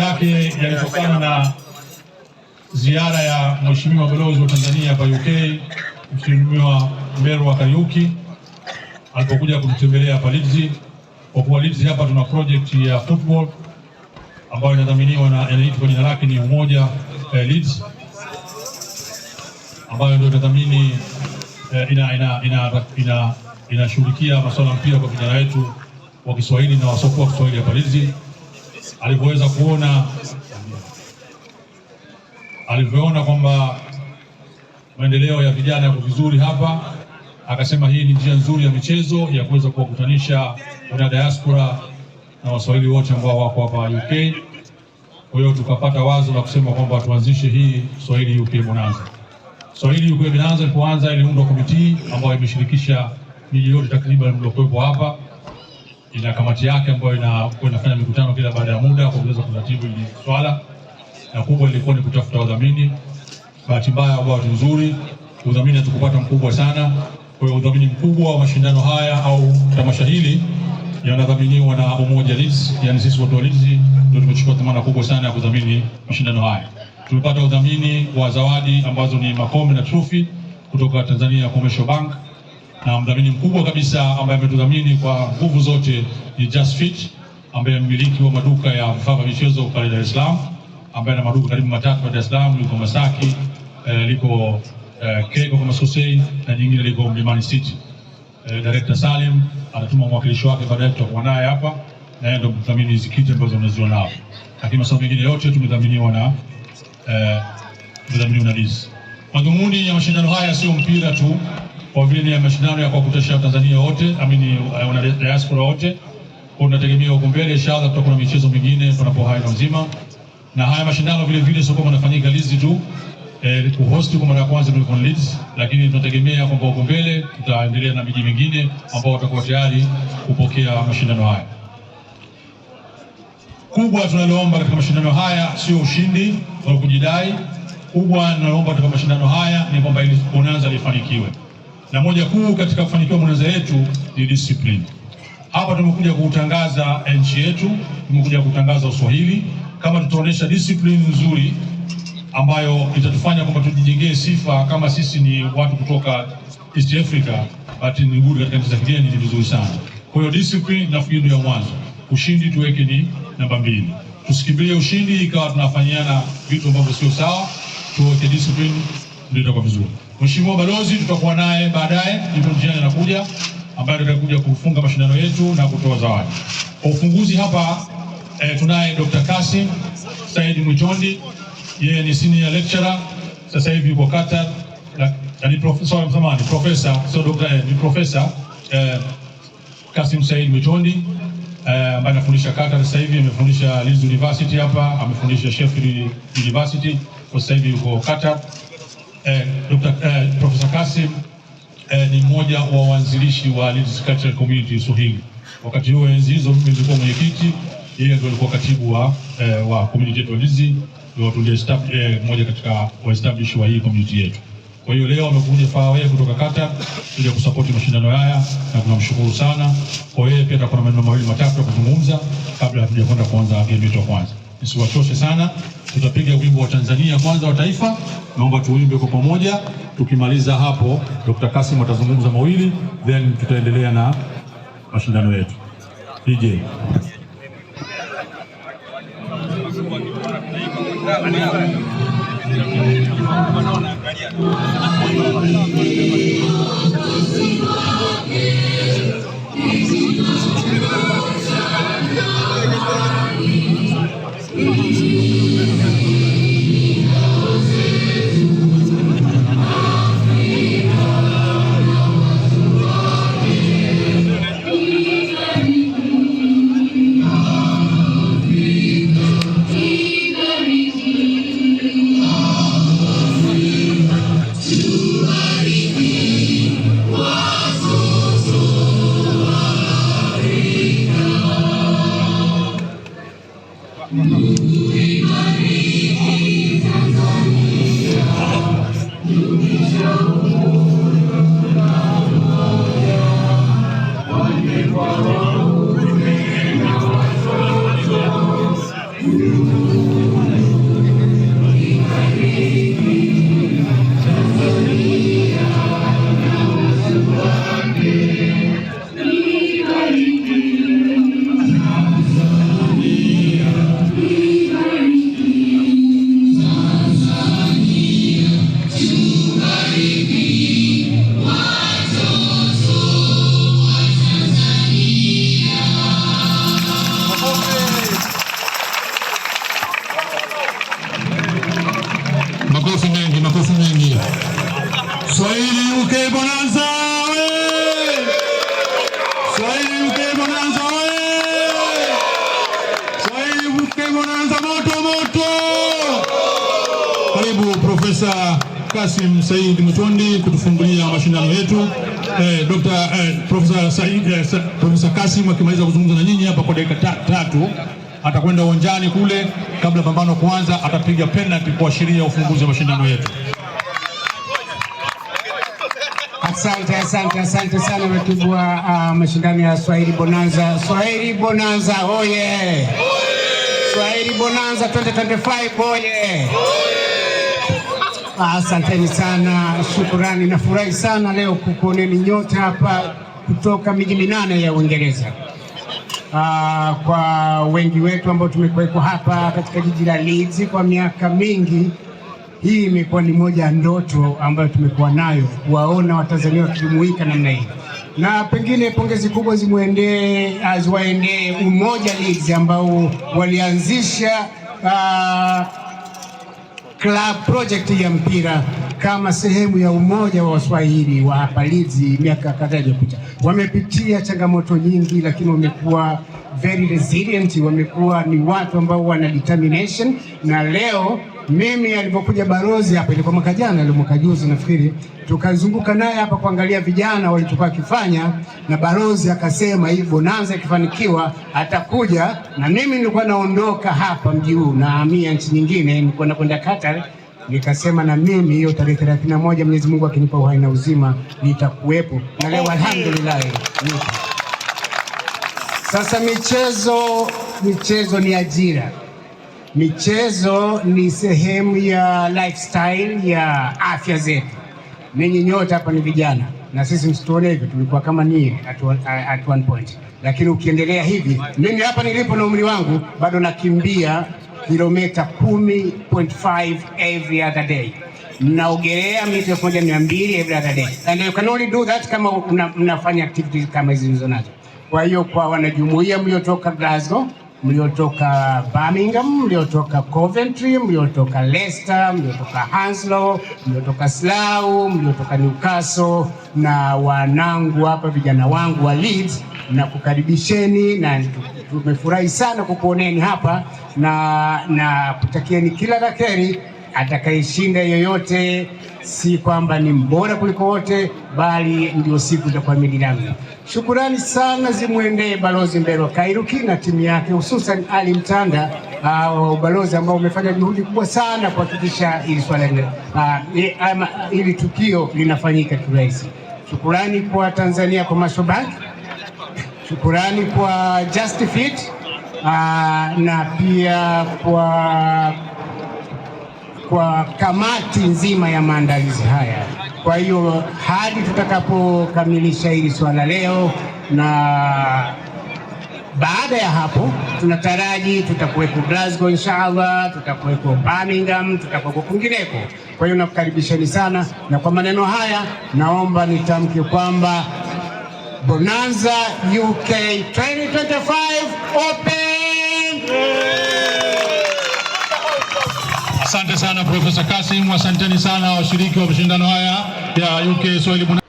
maombi yake yalitokana na ziara ya Mheshimiwa Balozi wa Tanzania hapa UK, Mheshimiwa Mberwa kariuki alipokuja kumtembelea hapa Leeds. Kwa kuwa Leeds hapa tuna project ya football ambayo inadhaminiwa na inaitwa jina lake ni Umoja eh, Leeds ambayo ndio inadhamini eh, ina ina ina inashughulikia ina masuala mpira kwa vijana wetu wa Kiswahili na wasokuwa Kiswahili hapa Leeds alivyoweza kuona alivyoona kwamba maendeleo ya vijana yako vizuri hapa, akasema hii ni njia nzuri ya michezo ya kuweza kuwakutanisha wana diaspora na waswahili wote ambao wako hapa UK. Kwa hiyo tukapata wazo la kusema kwamba tuanzishe hii Swahili UK Bonanza. Swahili UK Bonanza ilipoanza iliundwa komiti ambayo imeshirikisha miji yote takriban mliokuwepo hapa ina kamati yake ambayo inakuwa inafanya mikutano kila baada ya muda kwa kuweza kuratibu hili swala, na kubwa ilikuwa ni kutafuta udhamini. Bahati mbaya au bahati nzuri, udhamini hatukupata mkubwa sana. Kwa hiyo udhamini mkubwa wa mashindano haya au tamasha hili yanadhaminiwa na Umoja Leeds, yani sisi watu wa Leeds ndio tumechukua dhamana kubwa sana ya kudhamini mashindano haya. tumepata udhamini wa zawadi ambazo ni makombe na trophy kutoka Tanzania Commercial Bank na mdhamini mkubwa kabisa ambaye ametudhamini kwa nguvu zote ni Just Fit ambaye mmiliki wa maduka ya vifaa vya michezo pale Dar es Salaam, ambaye ana maduka karibu matatu ya Dar es Salaam, liko Masaki eh, liko eh, Kego kama Susei na nyingine liko Mlimani City. Eh, Director Salim anatuma mwakilishi wake, baadaye tutakuwa naye hapa na yeye ndio mdhamini hizi kiti ambazo mnaziona hapa, lakini masomo mengine yote tumedhaminiwa na eh, mdhamini unalizi. Madhumuni ya mashindano haya sio mpira tu kwa vile ni mashindano ya kuwakutanisha Tanzania wote, amini eh, wana diaspora wote. Tunategemea huko mbele inshallah tutakuwa na michezo mingine tunapo hai na uzima. Na haya mashindano vile vile sio kama yanafanyika Leeds tu. Eh, ku host kwa mara ya kwanza tulikuwa Leeds, lakini tunategemea kwamba huko mbele tutaendelea na miji mingine ambao watakuwa tayari kupokea mashindano haya. Kubwa tunaloomba katika mashindano haya sio ushindi wala kujidai. Kubwa tunaloomba katika mashindano haya ni kwamba ili kuanza lifanikiwe na moja kuu katika kufanikiwa mweneza yetu ni discipline. Hapa tumekuja kutangaza nchi yetu, tumekuja kutangaza Uswahili. Kama tutaonesha discipline nzuri ambayo itatufanya kwamba tujijengee sifa kama sisi ni watu kutoka East Africa, but ni good katika nchi za kigeni, ni vizuri sana. Kwa hiyo discipline nafikiri ndio ya mwanzo. Ushindi tuweke ni namba mbili, tusikimbilie ushindi ikawa tunafanyiana vitu ambavyo sio sawa. Tuweke discipline ndio itakuwa vizuri. Mheshimiwa balozi tutakuwa naye baadaye, anakuja ambaye atakuja kufunga mashindano yetu na kutoa zawadi. Kwa ufunguzi hapa eh, tunaye Dr. Kasim said Mwichondi, yeye ni senior lecturer sasa hivi yuko Qatar, ni profesa mzamani, profesa sio eh, ni profesa eh, Kasim Said Mwichondi eh, ambaye anafundisha Qatar sasa hivi, amefundisha Leeds University hapa, amefundisha Sheffield University, kwa sasa hivi yuko Qatar. Eh, eh, Profesa Kasim eh, ni mmoja wa waanzilishi wa Leeds Cultural Community Suhili. Wakati huo enzi hizo mimi nilikuwa mwenyekiti, yeye ndiye alikuwa katibu wa eh, wa community yetu Leeds, ndio tuliestablish eh, mmoja katika waestablish wa hii community yetu. Kwa hiyo leo amekuja Faaway kutoka kata kuja kusapoti mashindano haya na tunamshukuru sana. Kwa hiyo pia tutakuwa na maneno mawili matatu ya kuzungumza kabla hatujakwenda kuanza game yetu ya kwanza nisiwachoshe sana. Tutapiga wimbo wa Tanzania kwanza wa taifa, naomba tuimbe kwa pamoja. Tukimaliza hapo, Dr. Kasim atazungumza mawili, then tutaendelea na mashindano yetu. DJ Thank you. Kasim Said Mtondi kutufungulia mashindano yetu. Eh, Dr. eh, Profesa Said eh, Profesa Kasim akimaliza kuzungumza na nyinyi hapa kwa dakika tatu atakwenda uwanjani kule, kabla pambano kuanza, atapiga penalty kuashiria ufunguzi wa mashindano yetu. Asante, asante, asante sana ratibu wa uh, ah, mashindano ya Swahili Bonanza. Swahili Bonanza oye! Swahili Bonanza 2025 oye! Asanteni sana, shukurani. Nafurahi sana leo kukuoneni nyote hapa kutoka miji minane ya Uingereza. Aa, ah, kwa wengi wetu ambao tumekuwepo hapa katika jiji la Leeds kwa miaka mingi, hii imekuwa ni moja ya ndoto ambayo tumekuwa nayo, kuwaona Watanzania wakijumuika namna hii, na pengine pongezi kubwa zimuendee ziwaendee Umoja Leeds ambao walianzisha ah, club project ya mpira kama sehemu ya umoja wa Waswahili wa hapa Miaka kadhaa iliyopita wamepitia changamoto nyingi, lakini wamekuwa very resilient, wamekuwa ni watu ambao wana determination na leo mimi alipokuja barozi hapa ilikuwa mwaka jana ile mwaka juzi nafikiri, tukazunguka naye hapa kuangalia vijana walichokuwa akifanya, na barozi akasema hii bonanza ikifanikiwa atakuja. Na mimi nilikuwa naondoka hapa mji huu nahamia nchi nyingine, nilikuwa nakwenda Qatar, nikasema na mimi hiyo tarehe 31 Mwenyezi Mungu akinipa uhai na uzima nitakuwepo, na leo alhamdulillah Sasa michezo, michezo ni ajira Michezo ni sehemu ya lifestyle ya afya zetu. Ninyi nyote hapa ni vijana, na sisi msituone hivyo, tulikuwa kama nyie at one, at one point, lakini ukiendelea hivi, mimi hapa nilipo na umri wangu bado nakimbia kilomita 10.5 every other day, mnaogelea mita elfu moja mia mbili every other day, and you can only do that kama mnafanya activities kama hizi zilizonazo. Kwa hiyo kwa wanajumuia mliotoka Glasgow mliotoka Birmingham, mliotoka Coventry, mliotoka Leicester, mliotoka Hounslow, mliotoka Slough, mliotoka Newcastle na wanangu hapa, vijana wangu wa Leeds, na kukaribisheni na tumefurahi sana kukuoneni hapa na, na kutakieni kila la kheri atakayeshinda yoyote si kwamba ni mbora kuliko wote, bali ndio siku za kuamini nami. Shukurani sana zimwendee Balozi Mbelwa Kairuki na timu yake, hususan Ali Mtanda wa ubalozi ambao umefanya juhudi kubwa sana kuhakikisha ili swala ah, e, ama ili tukio linafanyika kirahisi. Shukurani kwa Tanzania Commercial Bank, shukurani kwa Just Fit, ah, na pia kwa kwa kamati nzima ya maandalizi haya. Kwa hiyo hadi tutakapokamilisha hili swala leo, na baada ya hapo tunataraji tutakuweko Glasgow inshallah, tutakuweko Birmingham, tutakuweko kwingineko. Kwa hiyo nakukaribisheni sana, na kwa maneno haya naomba nitamke kwamba Bonanza UK 2025 open. Asante sana Profesa Kasim, asanteni sana washiriki wa mashindano haya ya UK Swahili